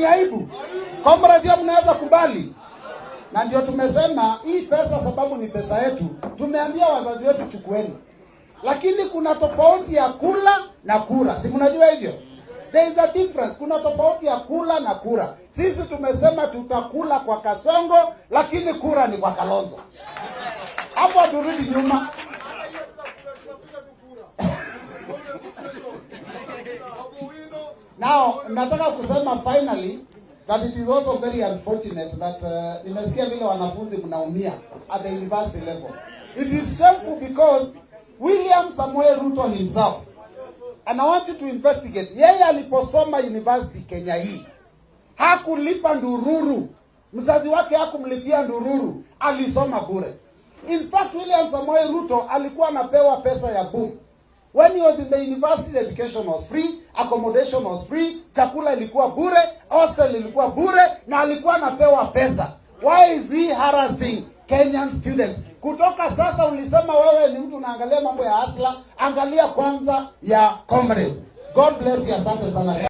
ni aibu. Comrades, mnaweza kubali? Na ndio tumesema hii pesa, sababu ni pesa yetu, tumeambia wazazi wetu chukueni, lakini kuna tofauti ya kula na kura, si mnajua hivyo? There is a difference. Kuna tofauti ya kula na kura. Sisi tumesema tutakula kwa Kasongo, lakini kura ni kwa Kalonzo. Hapo turudi nyuma Now nataka kusema finally that it is also very unfortunate that uh, nimesikia vile wanafunzi mnaumia at the university level. It is shameful because William Samuel Ruto himself and I want you to investigate. Yeye aliposoma university Kenya hii hakulipa ndururu, mzazi wake hakumlipia ndururu, alisoma bure. In fact William Samuel Ruto alikuwa anapewa pesa ya bure. When he was in the university, the education was free, accommodation was free, chakula ilikuwa bure, hostel ilikuwa bure na alikuwa anapewa pesa. Why is he harassing Kenyan students? Kutoka sasa ulisema wewe ni mtu unaangalia mambo ya asla, angalia kwanza ya comrades. God bless you, asante sana.